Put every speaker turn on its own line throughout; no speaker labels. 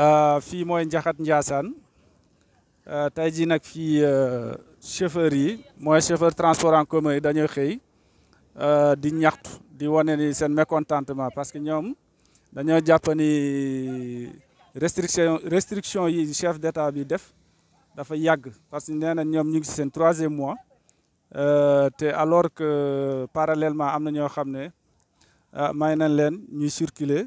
Euh, fii mooy Njaxat Njaasaan euh, tey jii nag fii euh, chauffeur yi chef chauffeur transport en commun dañu xey euh di ñaxtu di wane ni sen mécontentement parce que ñom dañu japp ni restriction restriction yi chef d'état bi def dafa yag parce que néna ñom ñu ngi sen 3 troisième mois té alors que parallèlement amna ño xamné xam may nañ len ñuy circuler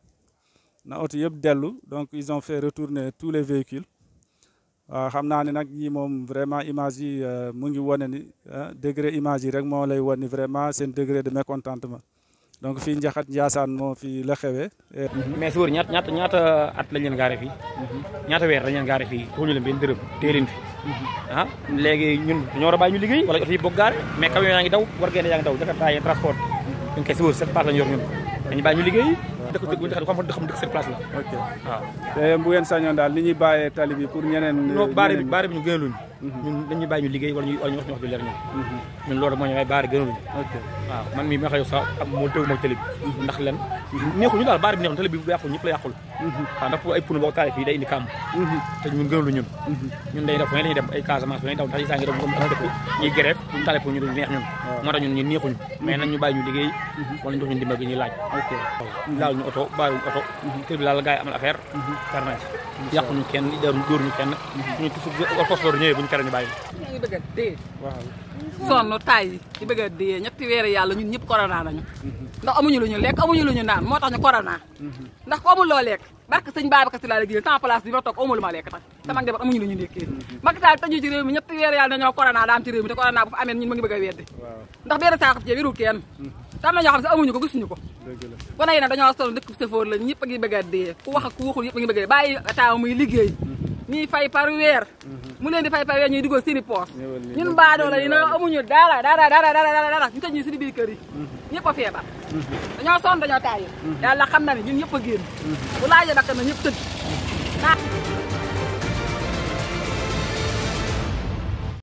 na oto yeb delu, donc ils ont fait retourner tous les véhicules ah, xam naa ne nag ñii moom vraiment imagi yi euh, ngi wane ah, degré imagi yi rek moo lay wane vraiment seen degré de mécontentement donc fii Njaxat Njaasaan moo fi le xewee. Mhm. mais suur ñaata ñaata
ñaata at lañ leen gaare fii. Mhm. ñaata weer lañ leen gaare fii xoolu leen benn dërëm tee leen fi. Mhm. ah léegi ñun dañoo war a bàyyi ñu liggéey wala oto yi bokk gaare mais camion yaa ngi daw war ngeen yaa ngi daw Jakarta yi transport. dañ koy suur cette part lañ yor ñun dañu bàyyi ñu liggéey. dëkk xam nga xam dëkk seen place la ok
waaw eh, bu ngeen sañoon daal li ñuy bàyyee tali bi pour ñeneen non baare bi
baare bi ñu gënaluñu ñun dañuy bàyyi ñu liggéey wala ñu wax ñu wax ju leer ñun ñun loolu moo ñu may baar gënaluñu waaw man mii ma xëy sax am moo teewu ma télé bi mhm. ndax len neexu ñu daal baar bi neexu télé la yàqul mhm. waaw ndax ay punu boo ko taalee fii day indi kàmm mhm. te ñun gënalu ñun ñun day def fu ne dem ay Casamance ñu taalee pour ñu duñ neex ñun moo tax ñun ñu neexuñu mais nañ ñu bàyyi ñu liggéey wala ñu jox ñu ñu oto bàyyi ñu oto tere ñu bàyyi
ñu ngi bëgg a dee waaw sonn tay di bëgg a dee ñetti weer yàlla ñun ñëpp corona nañu ndax amuñu lu ñu lekk amuñu lu ñu naan moo tax ñu corona ndax ko amul loo lekk barke sëñ a na ñoo xam ne amuñu a a a a ñuy fay par weer mhm. mu leen di fay par weer ñuy dugal seen i poos ñun mbaadoo la dina amuñu dara dara dara dara dara ñu tëj ñu suñu biir kër yi mhm. ñëpp a feebar mhm. dañoo sonn dañoo tàyyi yàlla xam na ne ñëpp a génn bu na
ñëpp